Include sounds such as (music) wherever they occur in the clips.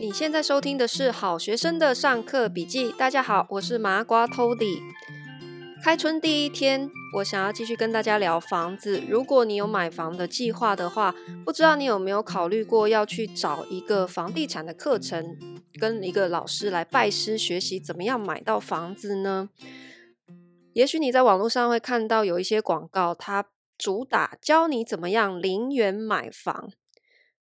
你現在收聽的是好學生的上課筆記。大家好，我是麻瓜陶迪。開春第一天，我想要繼續跟大家聊房子。如果你有買房的計劃的話，不知道你有沒有考慮過要去找一個房地產的課程，跟一個老師來拜師學習，怎麼樣買到房子呢？也許你在網絡上會看到有一些廣告，它主打教你怎麼樣零元買房。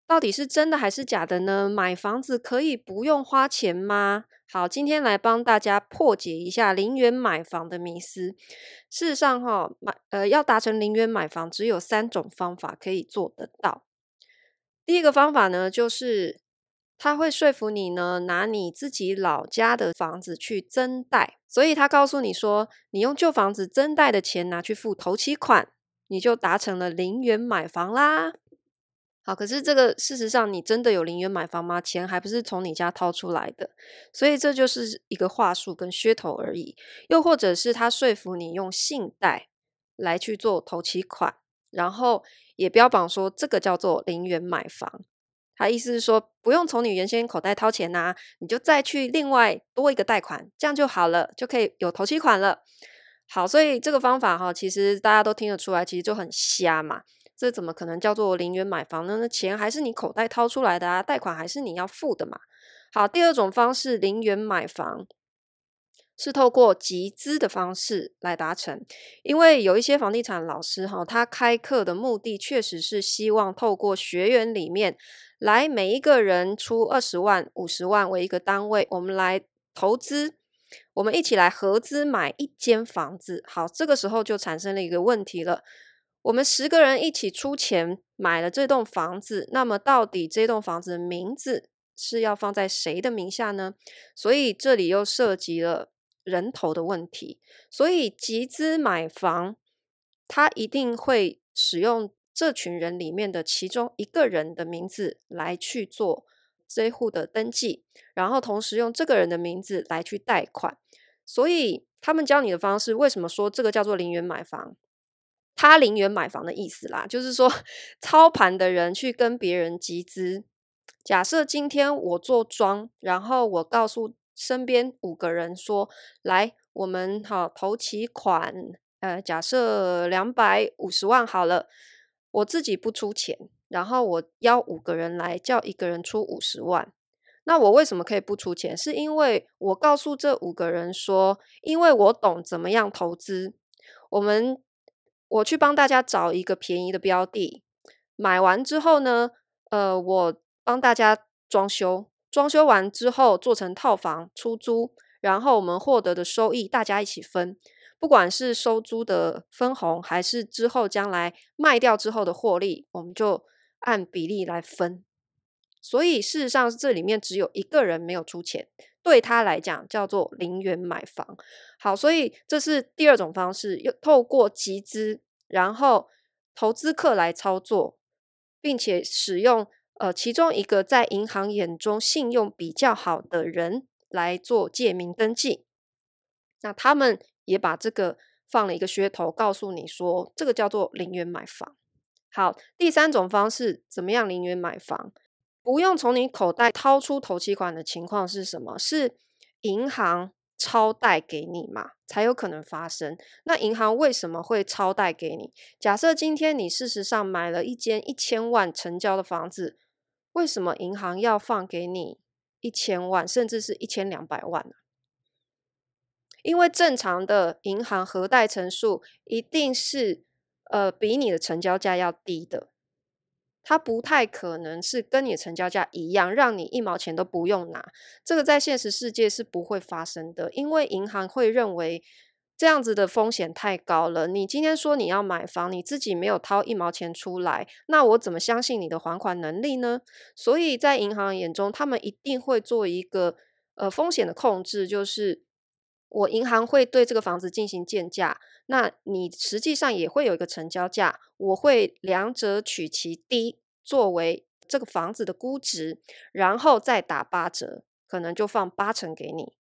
到底是真的還是假的呢？買房子可以不用花錢嗎？好，今天來幫大家破解一下零元買房的迷思。事實上，哦，哈，買呃要達成零元買房，只有三種方法可以做得到。第一個方法呢，就是他會說服你呢，拿你自己老家的房子去增貸，所以他告訴你說，你用舊房子增貸的錢拿去付頭期款，你就達成了零元買房啦。好，可是這個事實上，你真的有零元買房嗎？錢還不是從你家掏出來的，所以這就是一個話術跟噱頭而已。又或者是他說服你用信貸來去做頭期款，然後也標榜說這個叫做零元買房。他意思是說，不用從你原先口袋掏錢吶、啊，你就再去另外多一個貸款，這樣就好了，就可以有頭期款了。好，所以這個方法哈、哦，其實大家都聽得出來，其實就很瞎嘛。這怎麼可能叫做零元買房呢？那錢還是你口袋掏出來的啊，貸款還是你要付的嘛。好，第二種方式，零元買房是透過集資的方式來達成，因為有一些房地產老師哈、哦，他開課的目的確實是希望透過學員裡面來每一個人出二十萬、五十萬為一個單位，我們來投資，我們一起來合資買一間房子。好，這個時候就產生了一個問題了。我們十個人一起出錢買了這棟房子，那麼到底這棟房子的名字是要放在誰的名下呢？所以這裡又涉及了人頭的問題。所以集資買房，他一定會使用這群人裡面的其中一個人的名字來去做這戶的登記，然後同時用這個人的名字來去貸款。所以他們教你的方式，為什麼說這個叫做零元買房？他零元買房的意思啦，就是說操盤的人去跟別人集資。假設今天我做莊，然後我告訴身邊五個人說：“來，我們好投其款。呃，假設兩百五十萬好了，我自己不出錢，然後我邀五個人來，叫一個人出五十萬。那我為什麼可以不出錢？是因為我告訴這五個人說，因為我懂怎麼樣投資。我們。我去幫大家找一個便宜的標的，買完之後呢，呃，我幫大家裝修，裝修完之後做成套房出租，然後我們獲得的收益大家一起分，不管是收租的分紅，還是之後將來賣掉之後的獲利，我們就按比例來分。所以事實上，這裡面只有一個人沒有出錢。對他來講叫做零元買房，好，所以這是第二種方式，又透過集資，然後投資客來操作，並且使用呃其中一個在銀行眼中信用比較好的人來做借名登記，那他們也把這個放了一個噱頭，告訴你說這個叫做零元買房。好，第三種方式怎麼樣零元買房？不用從你口袋掏出頭期款的情況是什麼？是銀行超貸給你嘛，才有可能發生。那銀行為什麼會超貸給你？假設今天你事實上買了一間一千萬成交的房子，為什麼銀行要放給你一千萬，甚至是一千兩百萬呢？因為正常的銀行核貸成數一定是呃比你的成交價要低的。它不太可能是跟你成交價一樣，讓你一毛錢都不用拿。這個在現實世界是不會發生的，因為銀行會認為這樣子的風險太高了。你今天說你要買房，你自己沒有掏一毛錢出來，那我怎麼相信你的還款能力呢？所以在銀行眼中，他們一定會做一個呃風險的控制，就是。我銀行會對這個房子進行鑑價，那你實際上也會有一個成交價，我會兩者取其低作為這個房子的估值，然後再打八折，可能就放八成給你。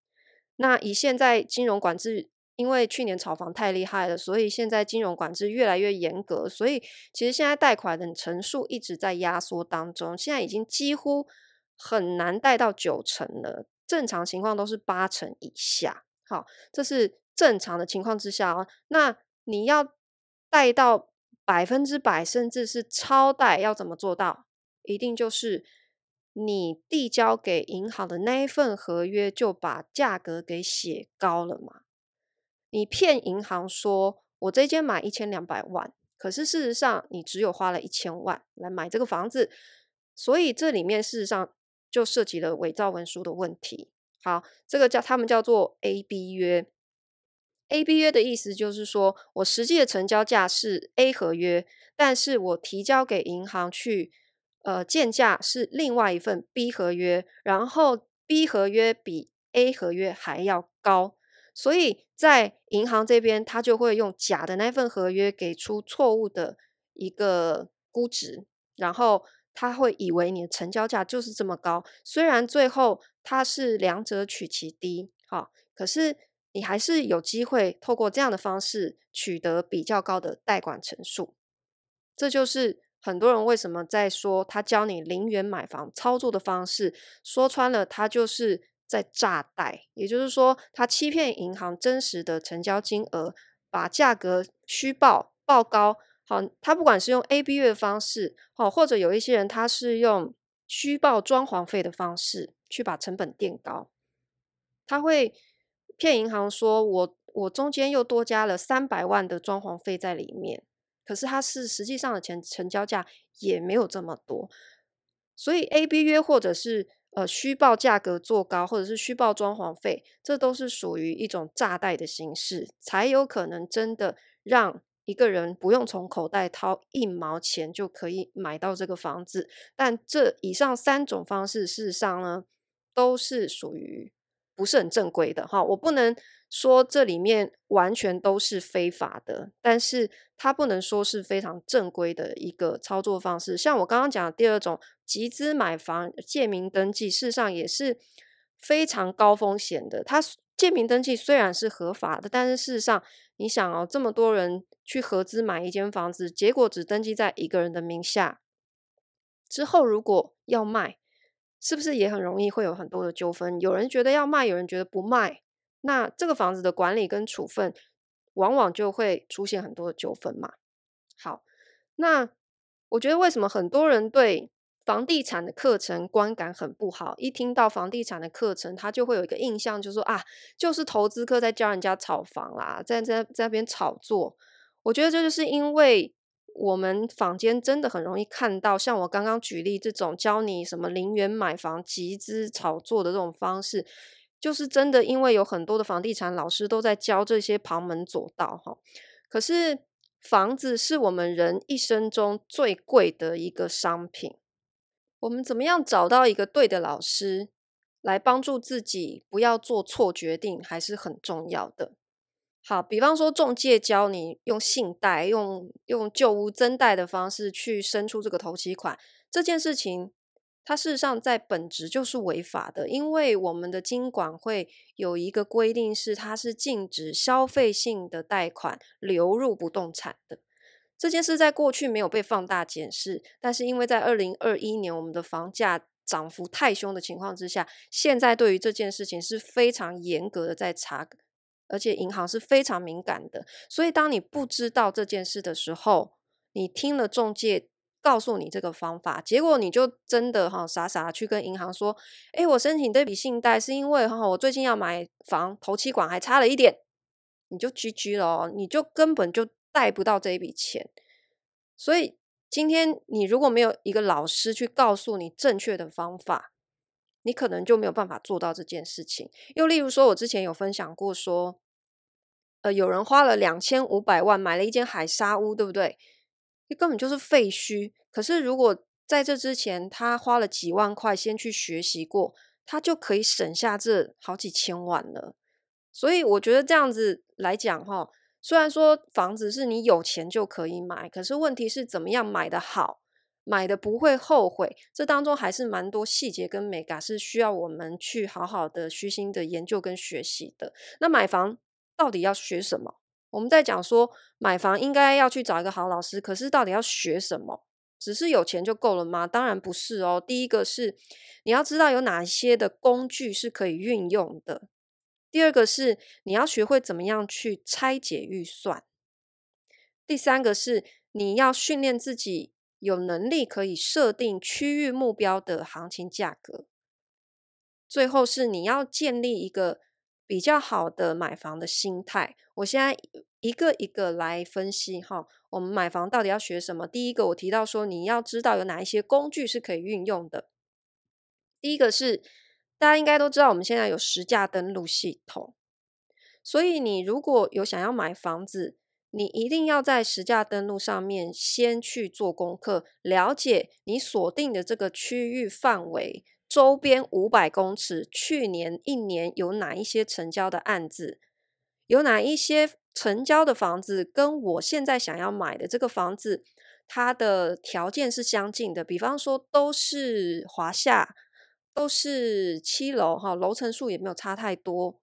那以現在金融管制，因為去年炒房太厲害了，所以現在金融管制越來越嚴格，所以其實現在貸款的成數一直在壓縮當中，現在已經幾乎很難貸到九成了，正常情況都是八成以下。好，這是正常的情況之下哦啊。那你要貸到百分之百，甚至是超貸，要怎麼做到？一定就是你遞交給銀行的那一份合約，就把價格給寫高了嘛。你騙銀行說，我這間買一千兩百萬，可是事實上你只有花了一千萬來買這個房子，所以這裡面事實上就涉及了偽造文書的問題。好，這個叫他們叫做 A B 約，A B 約的意思就是說，我實際的成交價是 A 合約，但是我提交給銀行去呃鑑價是另外一份 B 合約，然後 B 合約比 A 合約還要高，所以在銀行這邊，他就會用假的那份合約給出錯誤的一個估值，然後。他會以為你的成交價就是這麼高，雖然最後它是兩者取其低，哈、哦，可是你還是有機會透過這樣的方式取得比較高的貸款成數。這就是很多人為什麼在說他教你零元買房操作的方式，說穿了他就是在詐貸，也就是說他欺騙銀行真實的成交金額，把價格虛報報高。好，他不管是用 A B 約的方式，好，或者有一些人他是用虛報裝潢費的方式去把成本墊高，他會騙銀行說我，我我中間又多加了三百萬的裝潢費在裡面，可是他是實際上的錢成交價也沒有這麼多，所以 A B 約或者是呃虛報價格做高，或者是虛報裝潢費，這都是屬於一種詐貸的形式，才有可能真的讓。一個人不用從口袋掏一毛錢就可以買到這個房子，但這以上三種方式，事實上呢，都是屬於不是很正規的哈。我不能說這裡面完全都是非法的，但是它不能說是非常正規的一個操作方式。像我剛剛講的第二種集資買房、借名登記，事實上也是非常高風險的。它。借名登記雖然是合法的，但是事實上，你想哦，這麼多人去合資買一間房子，結果只登記在一個人的名下，之後如果要賣，是不是也很容易會有很多的糾紛？有人覺得要賣，有人覺得不賣，那這個房子的管理跟處分，往往就會出現很多的糾紛嘛。好，那我覺得為什麼很多人對房地產的課程觀感很不好，一聽到房地產的課程，他就會有一個印象，就是說啊，就是投資客在教人家炒房啦、啊，在在在那邊炒作。我覺得這就是因為我們坊間真的很容易看到，像我剛剛舉例這種教你什麼零元買房、集資炒作的這種方式，就是真的因為有很多的房地產老師都在教這些旁門左道哈。可是房子是我們人一生中最貴的一個商品，我們怎麼樣找到一個對的老師來幫助自己，不要做錯決定，還是很重要的。好，比方說仲介教你用信貸、用用舊屋增貸的方式去生出這個頭期款，這件事情，它事實上在本質就是違法的，因為我們的金管會有一個規定，是它是禁止消費性的貸款流入不動產的。這件事在過去沒有被放大檢視，但是因為，在二零二一年我們的房價漲幅太凶的情況之下，現在對於這件事情是非常嚴格的在查，而且銀行是非常敏感的。所以，當你不知道這件事的時候，你聽了仲介告訴你這個方法，結果你就真的哈傻傻的去跟銀行說：“誒，我申請這筆信貸是因為哈我最近要買房，頭期款還差了一點。”你就 GG 了，哦，你就根本就。貸不到這一筆錢，所以今天你如果沒有一個老師去告訴你正確的方法，你可能就沒有辦法做到這件事情。又例如說，我之前有分享過，說，呃，有人花了兩千五百萬買了一間海沙屋，對不對？你根本就是廢墟。可是如果在這之前，他花了幾萬塊先去學習過，他就可以省下這好幾千萬了。所以我覺得這樣子來講，哈。雖然說房子是你有錢就可以買，可是問題是怎麼樣買的好，買的不會後悔，這當中還是蠻多細節跟美感是需要我們去好好的虛心的研究跟學習的。那買房到底要學什麼？我們在講說買房應該要去找一個好老師，可是到底要學什麼？只是有錢就夠了嗎？當然不是哦，第一個是你要知道有哪些的工具是可以運用的。第二個是你要學會怎麼樣去拆解預算，第三個是你要訓練自己有能力可以設定區域目標的行情價格，最後是你要建立一個比較好的買房的心態。我現在一個一個來分析哈，我們買房到底要學什麼？第一個我提到說你要知道有哪一些工具是可以運用的，第一個是。大家應該都知道，我們現在有實價登錄系統，所以你如果有想要買房子，你一定要在實價登錄上面先去做功課，了解你鎖定的這個區域範圍周邊五百公尺，去年一年有哪一些成交的案子，有哪一些成交的房子，跟我現在想要買的這個房子，它的條件是相近的，比方說都是華廈。都是七樓哈，樓層數也沒有差太多，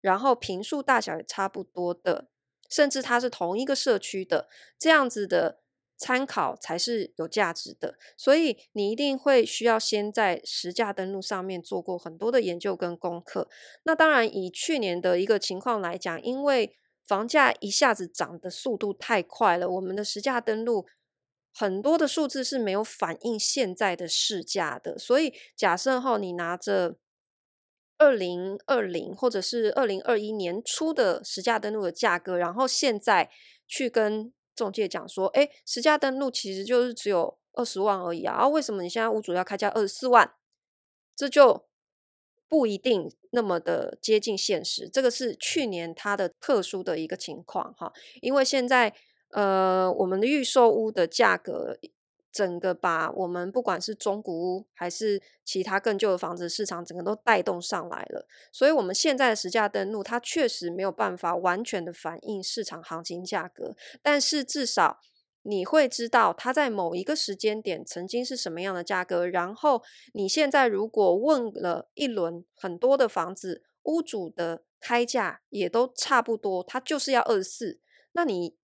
然後坪數大小也差不多的，甚至它是同一個社區的，這樣子的參考才是有價值的。所以你一定會需要先在實價登錄上面做過很多的研究跟功課。那當然以去年的一個情況來講，因為房價一下子漲的速度太快了，我們的實價登錄。很多的數字是沒有反映現在的市價的，所以假設哈，你拿着二零二零或者是二零二一年初的實價登錄的價格，然後現在去跟仲介講說，哎、欸，實價登錄其實就是只有二十萬而已啊，為什麼你現在屋主要開價二十四萬？這就不一定那麼的接近現實，這個是去年它的特殊的一個情況哈，因為現在。呃，我們的預售屋的價格，整個把我們不管是中古屋還是其他更舊的房子市場，整個都帶動上來了。所以，我們現在的實價登錄，它確實沒有辦法完全的反映市場行情價格，但是至少你會知道它在某一個時間點曾經是什麼樣的價格。然後你現在如果問了一輪很多的房子屋主的開價，也都差不多，它就是要24，那你。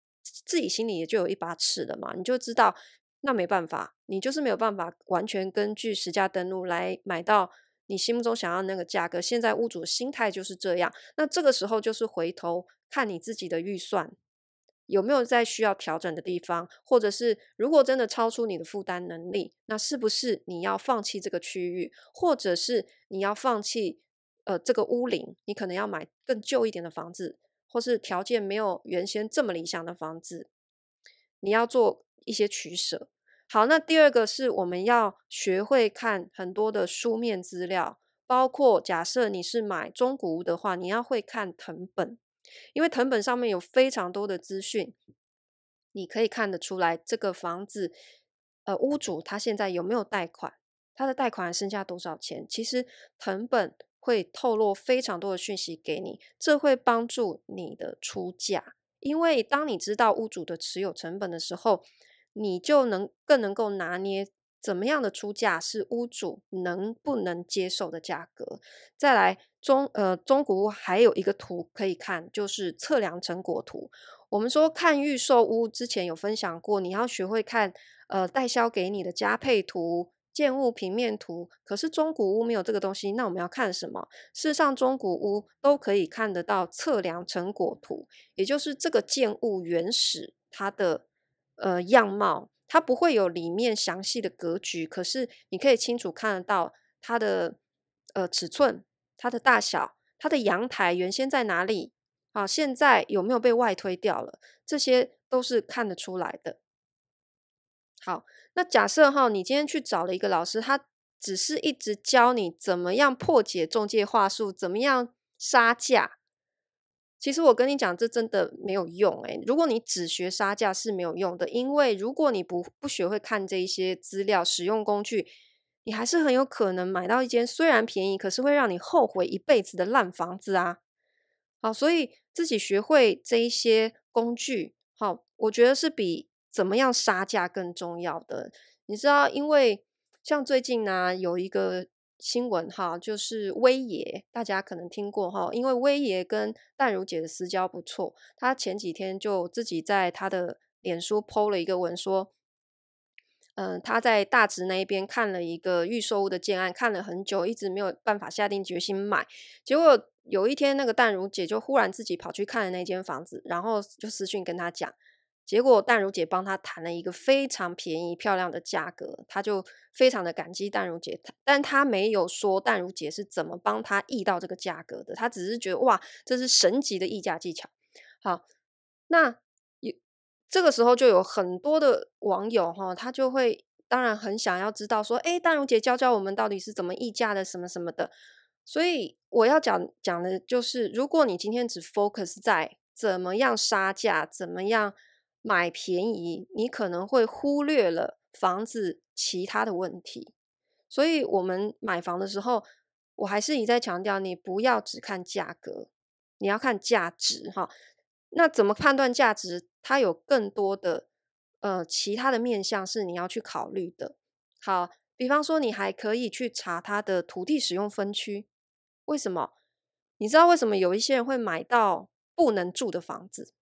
自己心裡也就有一把尺了嘛，你就知道那沒辦法，你就是沒有辦法完全根據實價登錄來買到你心目中想要的那個價格。現在屋主的心態就是這樣，那這個時候就是回頭看你自己的預算有沒有再需要調整的地方，或者是如果真的超出你的負擔能力，那是不是你要放棄這個區域，或者是你要放棄呃這個屋齡，你可能要買更舊一點的房子。或是條件沒有原先這麼理想的房子，你要做一些取捨。好，那第二個是我們要學會看很多的書面資料，包括假設你是買中古屋的話，你要會看謄本，因為謄本上面有非常多的資訊，你可以看得出來這個房子，呃，屋主他現在有沒有貸款，他的貸款剩下多少錢。其實謄本會透露非常多的訊息給你，這會幫助你的出價，因為當你知道屋主的持有成本的時候，你就能更能夠拿捏怎麼樣的出價是屋主能不能接受的價格。再來中呃，中古屋還有一個圖可以看，就是測量成果圖。我們說看預售屋之前有分享過，你要學會看呃，代銷給你的加配圖。建物平面圖，可是中古屋沒有這個東西，那我們要看什麼？事實上，中古屋都可以看得到測量成果圖，也就是這個建物原始它的呃樣貌，它不會有裡面詳細的格局，可是你可以清楚看得到它的呃尺寸、它的大小、它的陽台原先在哪裡，好，啊，現在有沒有被外推掉了？這些都是看得出來的。好，那假設哈，你今天去找了一個老師，他只是一直教你怎麼樣破解仲介話術，怎麼樣殺價。其實我跟你講，這真的沒有用欸，如果你只學殺價是沒有用的，因為如果你不不學會看這一些資料、使用工具，你還是很有可能買到一間雖然便宜，可是會讓你後悔一輩子的爛房子啊。好，所以自己學會這一些工具，好，我覺得是比怎麼樣殺價更重要的。你知道，因為像最近呢、啊，有一個新聞哈，就是威爺，大家可能聽過哈。因為威爺跟淡如姐的私交不錯，他前幾天就自己在他的臉書 PO 了一個文，說，嗯，他在大直那一邊看了一個預售屋的建案，看了很久，一直沒有辦法下定決心買。結果有一天，那個淡如姐就忽然自己跑去看了那間房子，然後就私訊跟他講。結果淡如姐幫他談了一個非常便宜、漂亮的價格，他就非常的感激淡如姐，但他沒有說淡如姐是怎麼幫他議到這個價格的，他只是覺得哇，這是神級的議價技巧。好，那有這個時候就有很多的網友哈，他就會當然很想要知道說，哎，淡如姐教教我們到底是怎麼議價的，什麼什麼的。所以我要講講的就是，如果你今天只 focus 在怎麼樣殺價，怎麼樣。買便宜，你可能會忽略了房子其他的問題，所以我們買房的時候，我還是一再強調，你不要只看價格，你要看價值哈。那怎麼判斷價值？它有更多的呃其他的面向是你要去考慮的。好，比方說你還可以去查它的土地使用分區。為什麼？你知道為什麼有一些人會買到不能住的房子？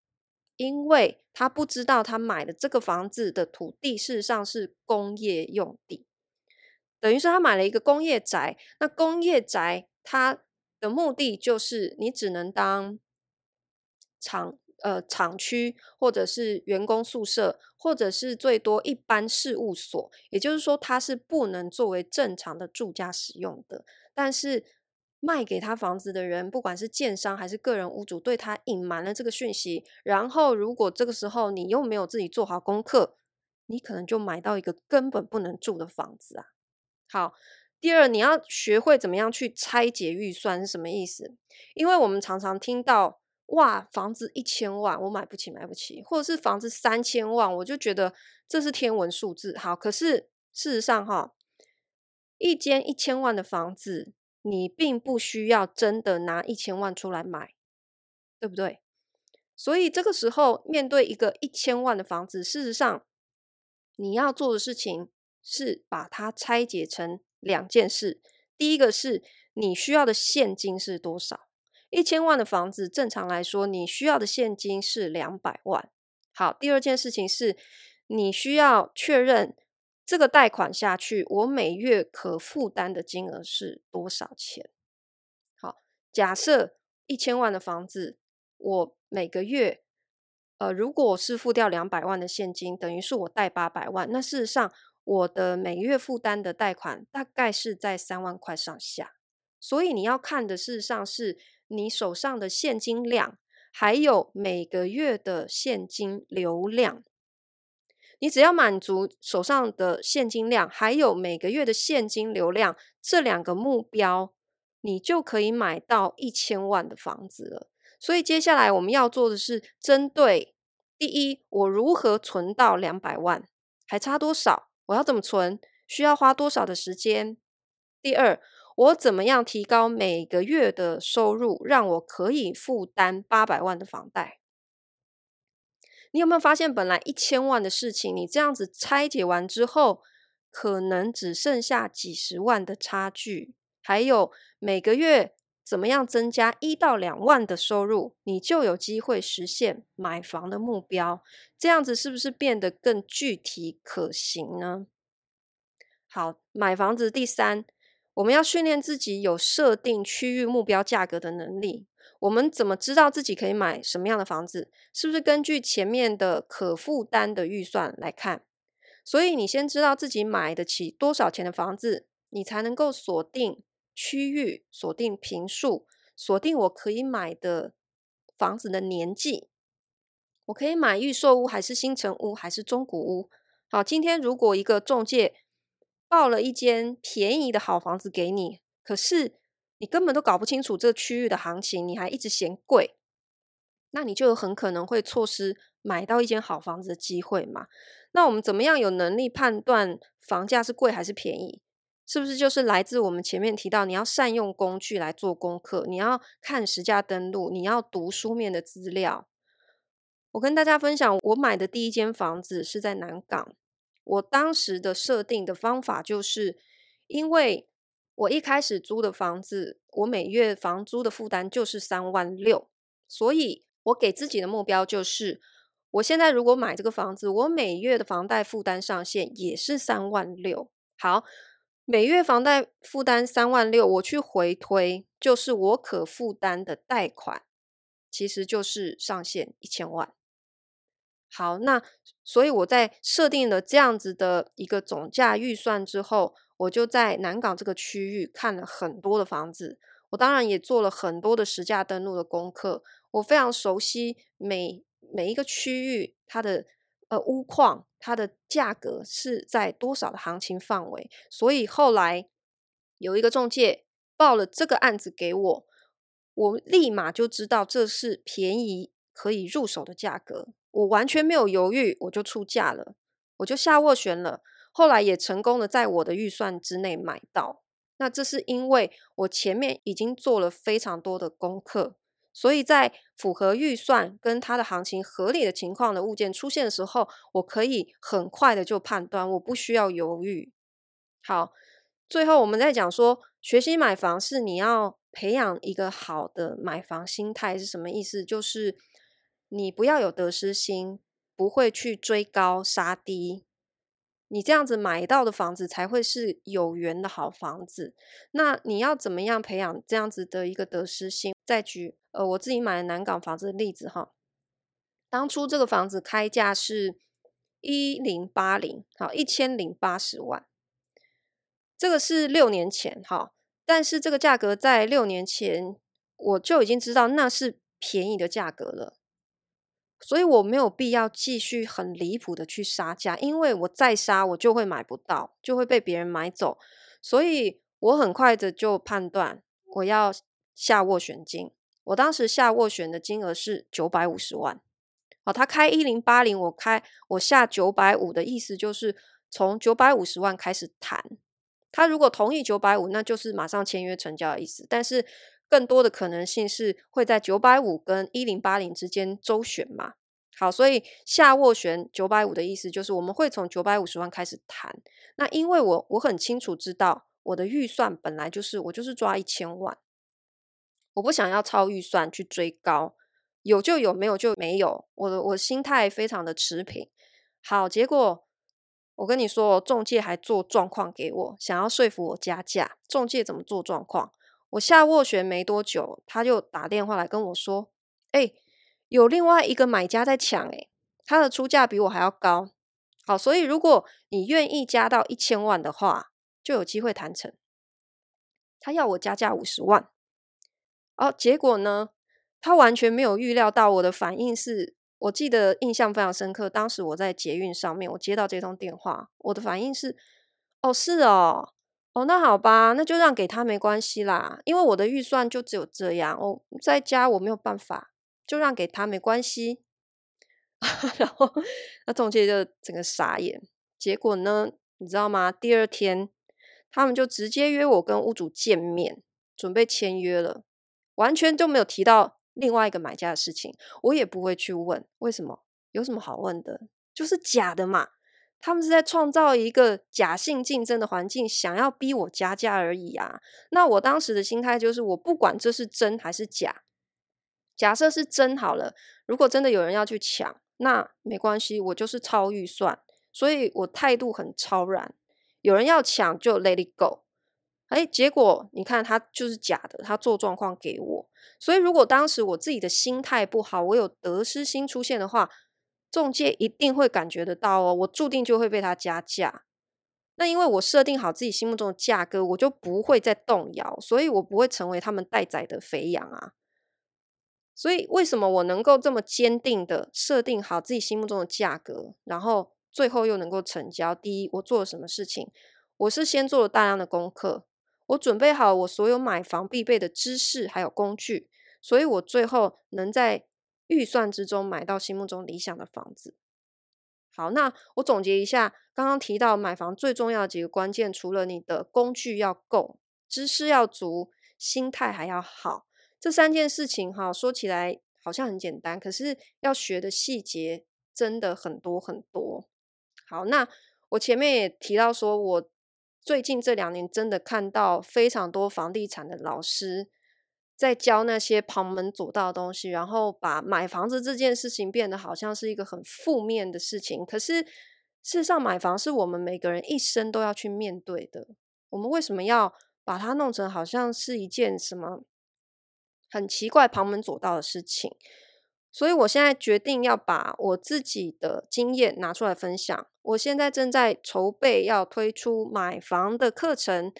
因為他不知道他買的這個房子的土地事實上是工業用地，等於說他買了一個工業宅。那工業宅它的目的就是你只能當廠呃廠區，或者是員工宿舍，或者是最多一般事務所，也就是說它是不能作為正常的住家使用的。但是賣給他房子的人，不管是建商還是個人屋主，對他隱瞞了這個訊息。然後，如果這個時候你又沒有自己做好功課，你可能就買到一個根本不能住的房子啊。好，第二，你要學會怎麼樣去拆解預算是什麼意思？因為我們常常聽到哇，房子一千萬，我買不起，買不起；或者是房子三千萬，我就覺得這是天文數字。好，可是事實上、哦，哈，一間一千萬的房子。你並不需要真的拿一千萬出來買，對不對？所以這個時候面對一個一千萬的房子，事實上你要做的事情是把它拆解成兩件事。第一個是你需要的現金是多少？一千萬的房子，正常來說你需要的現金是兩百萬。好，第二件事情是你需要確認。這個貸款下去，我每月可負擔的金額是多少錢？好，假設一千萬的房子，我每個月，呃，如果我是付掉兩百萬的現金，等於是我貸八百萬。那事實上，我的每月負擔的貸款大概是在三萬塊上下。所以你要看的事實上是你手上的現金量，還有每個月的現金流量。你只要滿足手上的現金量，還有每個月的現金流量這兩個目標，你就可以買到一千萬的房子了。所以接下來我們要做的是針對第一，我如何存到兩百萬？還差多少？我要怎麼存？需要花多少的時間？第二，我怎麼樣提高每個月的收入，讓我可以負擔八百萬的房貸？你有沒有發現，本來一千萬的事情，你這樣子拆解完之後，可能只剩下幾十萬的差距。還有每個月怎麼樣增加一到兩萬的收入，你就有機會實現買房的目標。這樣子是不是變得更具體可行呢？好，買房子第三，我們要訓練自己有設定區域目標價格的能力。我們怎麼知道自己可以買什麼樣的房子？是不是根據前面的可負擔的預算來看？所以你先知道自己買得起多少錢的房子，你才能夠鎖定區域、鎖定坪數、鎖定我可以買的房子的年紀。我可以買預售屋還是新成屋還是中古屋？好，今天如果一個仲介報了一間便宜的好房子給你，可是。你根本都搞不清楚這個區域的行情，你還一直嫌貴，那你就很可能會錯失買到一間好房子的機會嘛。那我們怎麼樣有能力判斷房價是貴還是便宜？是不是就是來自我們前面提到，你要善用工具來做功課，你要看實價登錄，你要讀書面的資料。我跟大家分享，我買的第一間房子是在南港，我當時的設定的方法就是，因為。我一開始租的房子，我每月房租的負擔就是三萬六，所以我給自己的目標就是，我現在如果買這個房子，我每月的房貸負擔上限也是三萬六。好，每月房貸負擔三萬六，我去回推，就是我可負擔的貸款其實就是上限一千萬。好，那所以我在設定了這樣子的一個總價預算之後。我就在南港這個區域看了很多的房子，我當然也做了很多的實價登錄的功課，我非常熟悉每每一個區域它的呃屋況，它的價格是在多少的行情範圍，所以後來有一個仲介報了這個案子給我，我立馬就知道這是便宜可以入手的價格，我完全沒有猶豫，我就出價了，我就下斡旋了。後來也成功的在我的預算之內買到，那這是因為我前面已經做了非常多的功課，所以在符合預算跟它的行情合理的情況的物件出現的時候，我可以很快的就判斷，我不需要猶豫。好，最後我們再講說，學習買房是你要培養一個好的買房心態是什麼意思？就是你不要有得失心，不會去追高殺低。你這樣子買到的房子才會是有緣的好房子。那你要怎麼樣培養這樣子的一個得失心？再舉呃我自己買的南港房子的例子哈，當初這個房子開價是一零八零，好，一千零八十萬，這個是六年前哈，但是這個價格在六年前我就已經知道那是便宜的價格了。所以我沒有必要繼續很離譜的去殺價，因為我再殺我就會買不到，就會被別人買走。所以我很快的就判斷我要下斡旋金，我當時下斡旋的金額是九百五十萬。好，哦，他開一零八零，我開我下九百五的意思就是從九百五十萬開始談。他如果同意九百五，那就是馬上簽約成交的意思。但是更多的可能性是會在九百五跟一零八零之間周旋嘛，好，所以下斡旋九百五的意思就是我們會從九百五十萬開始談。那因為我我很清楚知道我的預算本來就是，我就是抓一千萬，我不想要超預算去追高，有就有，沒有就沒有。我的我的心態非常的持平。好，結果我跟你說，仲介還做狀況給我，想要說服我加價，仲介怎麼做狀況？我下斡旋沒多久，他就打電話來跟我說：“哎、欸，有另外一個買家在搶、欸，誒他的出價比我還要高。好，所以如果你願意加到一千萬的話，就有機會談成。他要我加價五十萬，哦，結果呢，他完全沒有預料到我的反應是，是我記得印象非常深刻。當時我在捷運上面，我接到這通電話，我的反應是：哦，是哦。”哦，那好吧，那就讓給他沒關係啦，因為我的預算就只有這樣。哦，在家我沒有辦法，就讓給他沒關係。 (laughs) 然後，那中介就整個傻眼。結果呢，你知道嗎？第二天，他們就直接約我跟屋主見面，準備簽約了，完全就沒有提到另外一個買家的事情。我也不會去問為什麼，有什麼好問的？就是假的嘛。他們是在創造一個假性競爭的環境，想要逼我加價而已啊！那我當時的心態就是，我不管這是真還是假，假設是真好了。如果真的有人要去搶，那沒關係，我就是超預算，所以我態度很超然。有人要搶就 let it go。誒，結果你看，他就是假的，他做狀況給我。所以如果當時我自己的心態不好，我有得失心出現的話，仲介一定會感覺得到哦，我注定就會被他加價。那因為我設定好自己心目中的價格，我就不會再動搖，所以我不會成為他們待宰的肥羊啊。所以為什麼我能夠這麼堅定的設定好自己心目中的價格，然後最後又能夠成交？第一，我做了什麼事情？我是先做了大量的功課，我準備好我所有買房必備的知識還有工具，所以我最後能在預算之中買到心目中理想的房子。好，那我總結一下，剛剛提到買房最重要的幾個關鍵，除了你的工具要夠、知識要足、心態還要好。這三件事情哈，說起來好像很簡單，可是要學的細節真的很多很多。好，那我前面也提到說，我最近這兩年真的看到非常多房地產的老師。在教那些旁門左道的東西，然後把買房子這件事情變得好像是一個很負面的事情。可是事實上，買房是我們每個人一生都要去面對的。我們為什麼要把它弄成好像是一件什麼很奇怪旁門左道的事情？所以我現在決定要把我自己的經驗拿出來分享。我現在正在籌備要推出買房的課程，《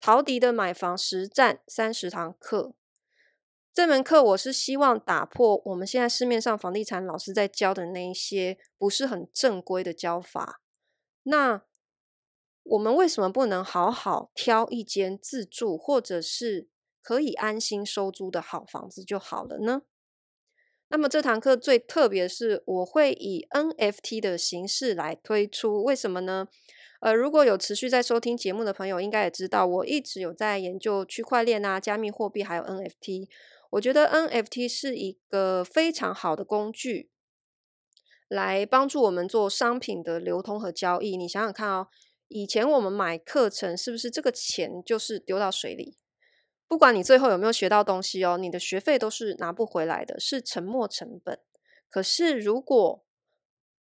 陶迪的買房實戰三十堂課》。這門課我是希望打破我們現在市面上房地產老師在教的那一些不是很正規的教法。那我們為什麼不能好好挑一間自住或者是可以安心收租的好房子就好了呢？那麼這堂課最特別的是我會以 NFT 的形式來推出。為什麼呢？呃，如果有持續在收聽節目的朋友，應該也知道我一直有在研究區塊鏈啊、加密貨幣，還有 NFT。我覺得 NFT 是一個非常好的工具，來幫助我們做商品的流通和交易。你想想看哦，以前我們買課程，是不是這個錢就是丟到水裡？不管你最後有沒有學到東西哦，你的學費都是拿不回來的，是沉沒成本。可是，如果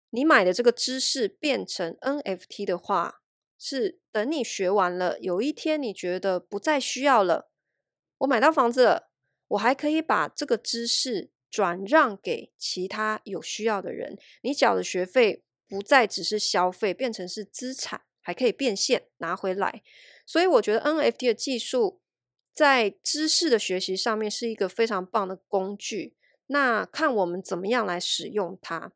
你買的這個知識變成 NFT 的話，是等你學完了，有一天你覺得不再需要了，我買到房子了。我還可以把這個知識轉讓給其他有需要的人。你繳的學費不再只是消費，變成是資產，還可以變現拿回來。所以我覺得 NFT 的技術在知識的學習上面是一個非常棒的工具。那看我們怎麼樣來使用它。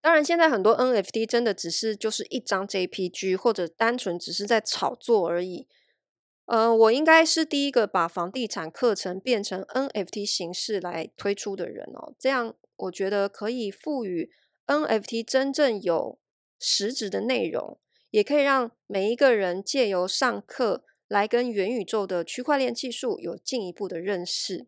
當然，現在很多 NFT 真的只是就是一張 JPG，或者單純只是在炒作而已。呃，我應該是第一個把房地產課程變成 NFT 形式來推出的人哦。這樣我覺得可以賦予 NFT 真正有實質的內容，也可以讓每一個人借由上課來跟元宇宙的區塊鏈技術有進一步的認識。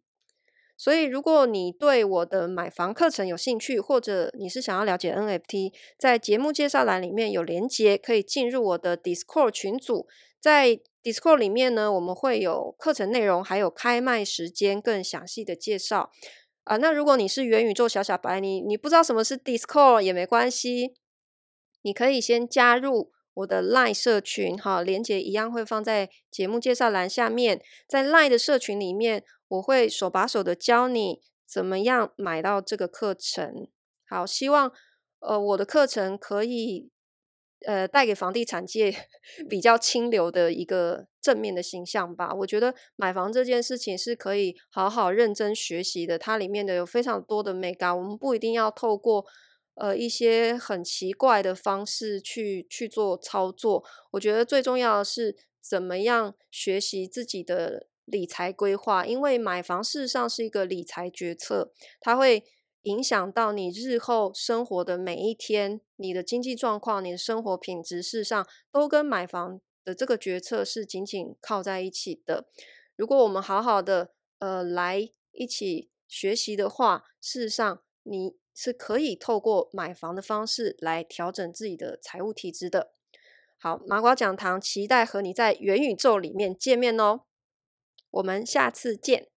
所以，如果你對我的買房課程有興趣，或者你是想要了解 NFT，在節目介紹欄裡面有連接，可以進入我的 Discord 群組。在 Discord 裡面呢，我們會有課程內容，還有開賣時間更詳細的介紹啊，呃。那如果你是元宇宙小小白，你你不知道什麼是 Discord 也沒關係，你可以先加入我的 LINE 社群哈，鏈接一樣會放在節目介紹欄下面。在 LINE 的社群裡面，我會手把手的教你怎麼樣買到這個課程。好，希望呃我的課程可以。呃，帶給房地產界比較清流的一個正面的形象吧。我覺得買房這件事情是可以好好認真學習的，它裡面的有非常多的美感。我們不一定要透過呃一些很奇怪的方式去去做操作。我覺得最重要的是怎麼樣學習自己的理財規劃，因為買房事實上是一個理財決策，它會。影響到你日後生活的每一天，你的經濟狀況、你的生活品質，事實上都跟買房的這個決策是緊緊靠在一起的。如果我們好好的呃來一起學習的話，事實上你是可以透過買房的方式來調整自己的財務體質的。好，麻瓜講堂期待和你在元宇宙裡面見面哦。我們下次見。